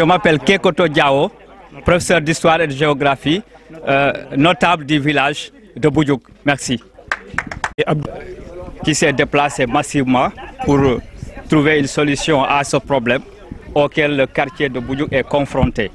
Je m'appelle Kekoto Diao, professeur d'histoire et de géographie, euh, notable du village de Boudjouk. Merci. Qui s'est déplacé massivement pour trouver une solution à ce problème auquel le quartier de Boudjouk est confronté.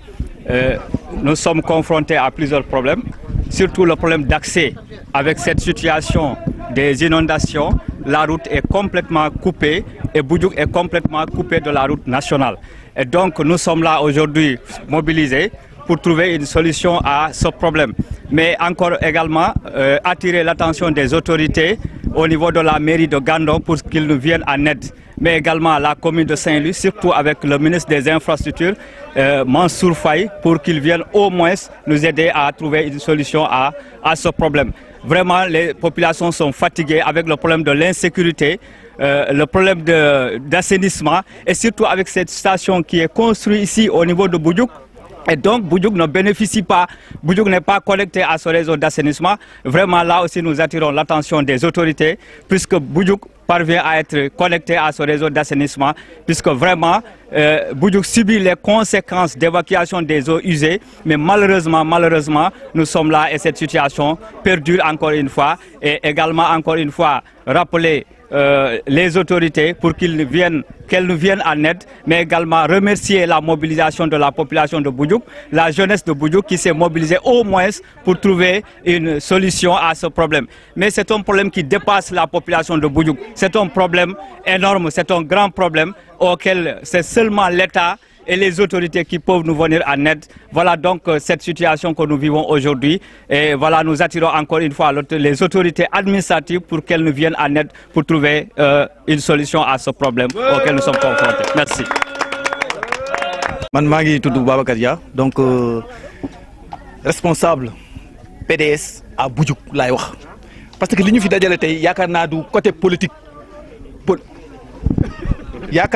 Euh, nous sommes confrontés à plusieurs problèmes, surtout le problème d'accès avec cette situation des inondations la route est complètement coupée et Boudjouk est complètement coupée de la route nationale. Et donc nous sommes là aujourd'hui mobilisés pour trouver une solution à ce problème. Mais encore également euh, attirer l'attention des autorités au niveau de la mairie de Gandon pour qu'ils nous viennent en aide. Mais également la commune de Saint-Louis, surtout avec le ministre des Infrastructures, euh, Mansour Faye, pour qu'ils viennent au moins nous aider à trouver une solution à, à ce problème. Vraiment, les populations sont fatiguées avec le problème de l'insécurité, euh, le problème d'assainissement et surtout avec cette station qui est construite ici au niveau de Boudjouk. Et donc, Boudjouk ne bénéficie pas, Boudjouk n'est pas connecté à ce réseau d'assainissement. Vraiment, là aussi, nous attirons l'attention des autorités, puisque Boudjouk parvient à être connecté à ce réseau d'assainissement, puisque vraiment, euh, Boudjouk subit les conséquences d'évacuation des eaux usées. Mais malheureusement, malheureusement, nous sommes là et cette situation perdure encore une fois. Et également, encore une fois, rappeler euh, les autorités pour qu'ils viennent, qu'elles nous viennent en aide, mais également remercier la mobilisation de la population de Boudjouk, la jeunesse de Boudjouk qui s'est mobilisée au moins pour trouver une solution à ce problème. Mais c'est un problème qui dépasse la population de Boudjouk. C'est un problème énorme, c'est un grand problème auquel c'est seulement l'État et les autorités qui peuvent nous venir en aide. Voilà donc euh, cette situation que nous vivons aujourd'hui. Et voilà, nous attirons encore une fois les autorités administratives pour qu'elles nous viennent en aide pour trouver euh, une solution à ce problème auquel nous sommes confrontés. Merci. man euh, responsable PDS à Boudjouk, parce que l'Union fi y a du côté politique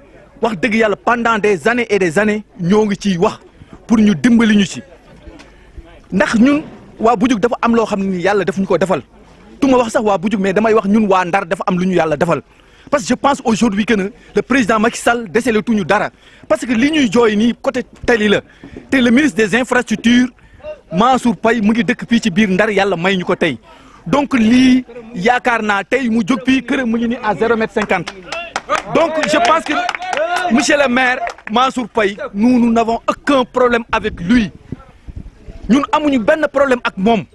wax deug yalla pendant des années et des années ñoo ngi ci wax pour ñu dimbali ñu ci ndax ñun wa Bujuk dafa am lo xamni yalla yàlla ko defal tuma wax sax wa Bujuk mais damay wax ñun wa Ndar dafa am luñu yalla defal parce que je pense aujourd'hui que le président Macky Sall le tuñu dara parce que li ñuy joy ni côté tali la té le ministre des infrastructures Mansour Faye mu ngi dëkk fi ci biir Ndar yalla may ñuko tay donc li yaakaar naa tey mu jog fi këram mu ngi ni à 0 mètre 50 donc je pense que Monsieur le maire Mansour Pay, nous nous n'avons aucun problème avec lui ñun amuñu benn problème ak lui.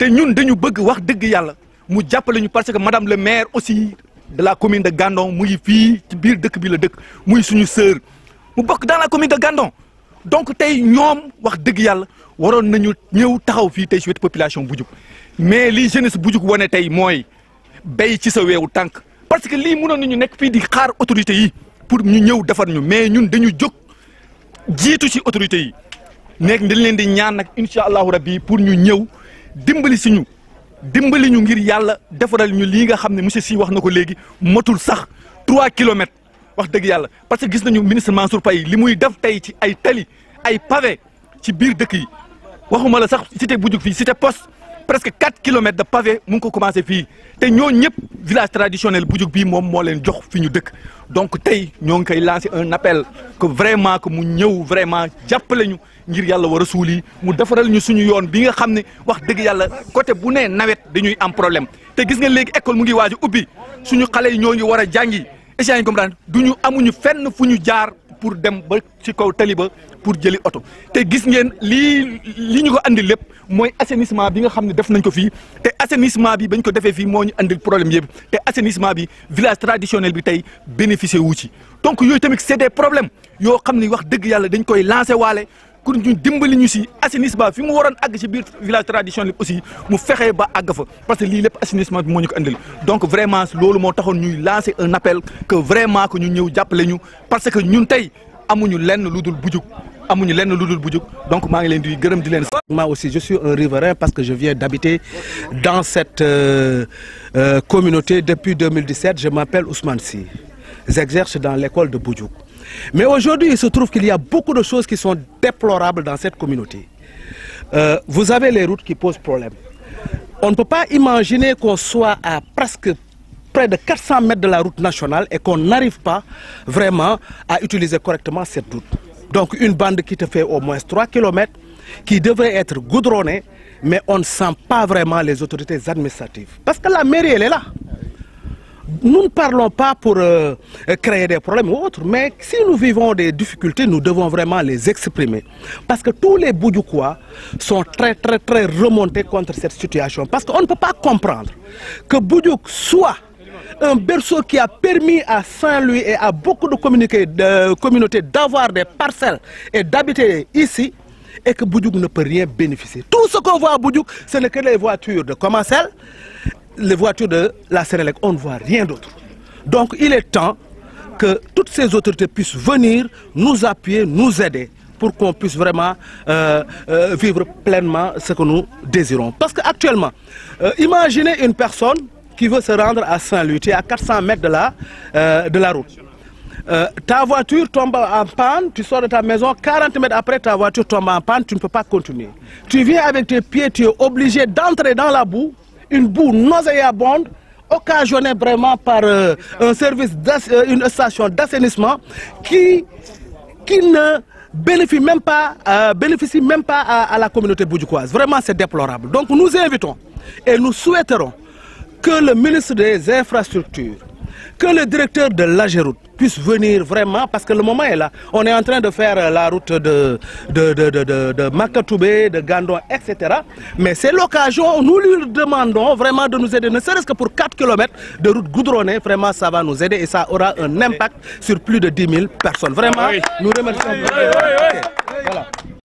Et ñun dañu bëgg wax dëgg yàlla mu jàppale parce que madame le maire aussi de la commune de Gandon mu ngi fii ci biir dëkk bi la dëkk muy suñu sœur mu bokk dans la commune de Gandon donc tey nous wax dëgg la waron nañu ñëw taxaw fii tey si population bu jug mais li jeunesse bu jug wane tey mooy béy ci sa weewu tànk parce que lii mënoon nañu nekk fii di xaar autorité yi pour ñu ñëw defar ñu mais ñun dañu jóg jiitu ci autorités yi nekk dañ leen di ñaan nag incha allahu rabbi pour ñu ñëw dimbali si ñu dimbali ñu ngir yàlla defaral ñu lii nga xam ne monsieur Sy wax na ko léegi matul sax 3 kilomètres wax dëgg yàlla parce que gis nañu ministre Mansour Faye li muy def tey ci ay tali ay pavé ci biir dëkk yi waxuma la sax cité bu jug fii te post presque 4 kilomètres de pavé mon ko commencé fi té ñoo ñep village traditionnel Bujuk bi mom mo leen jox fiñu dëkk donc tay ñoo ngi koy un appel que vraiment que mu ñëw vraiment jàppale ñu ngir yalla wa a yi mu défaral ñu suñu yoon bi nga xamné wax dëgg yalla côté bu né nawet dañuy am problème té gis nga légui école mu ngi waji a ubbi suñu xalé ñoo ngi wara jangi jàngi échange comme amuñu fenn fuñu jaar pour dem ba ci kaw tali ba pour jëli oto te gis ngeen lii li ñu ko andi lépp mooy assainissement bi nga xam ne def nañ ko fii te assainissement bi bañ ko defee fii moo ñu andil problème yëpp te assainissement bi village traditionnel bi tey bénéficier wu ci donc yooyu tamit c'est des problèmes yoo xam ni wax dëgg yàlla dañ koy lancer waale kun ñu dimbali ñu ci assainissement fi mu waroon ag ci biir village traditionnel aussi mu fexé ba ag fa parce que li lepp assainissement bi moo ñu ko andal donc vraiment lolu mo taxone ñuy lancer un appel que vraiment que ñu ñëw jappalé ñu parce que ñun tay amuñu lenn ludul bujuk amuñu lenn ludul bujuk donc ma ngi leen di gërëm di leen. moi aussi je suis un riverain parce que je viens d'habiter dans cette euh, euh, communauté depuis 2017 je m'appelle Ousmane Sy j'exerce dans l'école de Boudjouk mais aujourd'hui, il se trouve qu'il y a beaucoup de choses qui sont déplorables dans cette communauté. Euh, vous avez les routes qui posent problème. On ne peut pas imaginer qu'on soit à presque près de 400 mètres de la route nationale et qu'on n'arrive pas vraiment à utiliser correctement cette route. Donc une bande qui te fait au moins 3 km, qui devrait être goudronnée, mais on ne sent pas vraiment les autorités administratives. Parce que la mairie, elle est là. Nous ne parlons pas pour euh, créer des problèmes ou autres, mais si nous vivons des difficultés, nous devons vraiment les exprimer. Parce que tous les Boudjoukois sont très très très remontés contre cette situation. Parce qu'on ne peut pas comprendre que Boudjouk soit un berceau qui a permis à Saint-Louis et à beaucoup de, communautés d'avoir des parcelles et d'habiter ici et que Boudjouk ne peut rien bénéficier. Tout ce qu'on voit à Boudjouk, ce n'est que les voitures de commercial les voitures de la Sénélec, on ne voit rien d'autre. Donc il est temps que toutes ces autorités puissent venir nous appuyer, nous aider pour qu'on puisse vraiment euh, euh, vivre pleinement ce que nous désirons. Parce qu'actuellement, euh, imaginez une personne qui veut se rendre à Saint-Louis, tu es à 400 mètres de la, de la route. ta voiture tombe en panne, tu sors de ta maison, 40 mètres après ta voiture tombe en panne, tu ne peux pas continuer. Tu viens avec tes pieds, tu es obligé d'entrer dans la boue une boue nauséabonde occasionnée vraiment par euh, un service euh, une station d'assainissement qui, qui ne bénéficie même pas, euh, bénéficie même pas à, la communauté boudjoukoise. Vraiment, c'est déplorable. Donc nous invitons et nous souhaiterons que le ministre des Infrastructures que le directeur de l'Ageroute puisse venir vraiment, parce que le moment est là. On est en train de faire euh, la route de, de, de, de, Makatoubé, de Gandon, etc. Mais c'est l'occasion, nous lui demandons vraiment de nous aider, ne serait-ce que pour 4 km de route goudronnée, vraiment ça va nous aider et ça aura un impact sur plus de 10 000 personnes. Vraiment, ah nous remercions.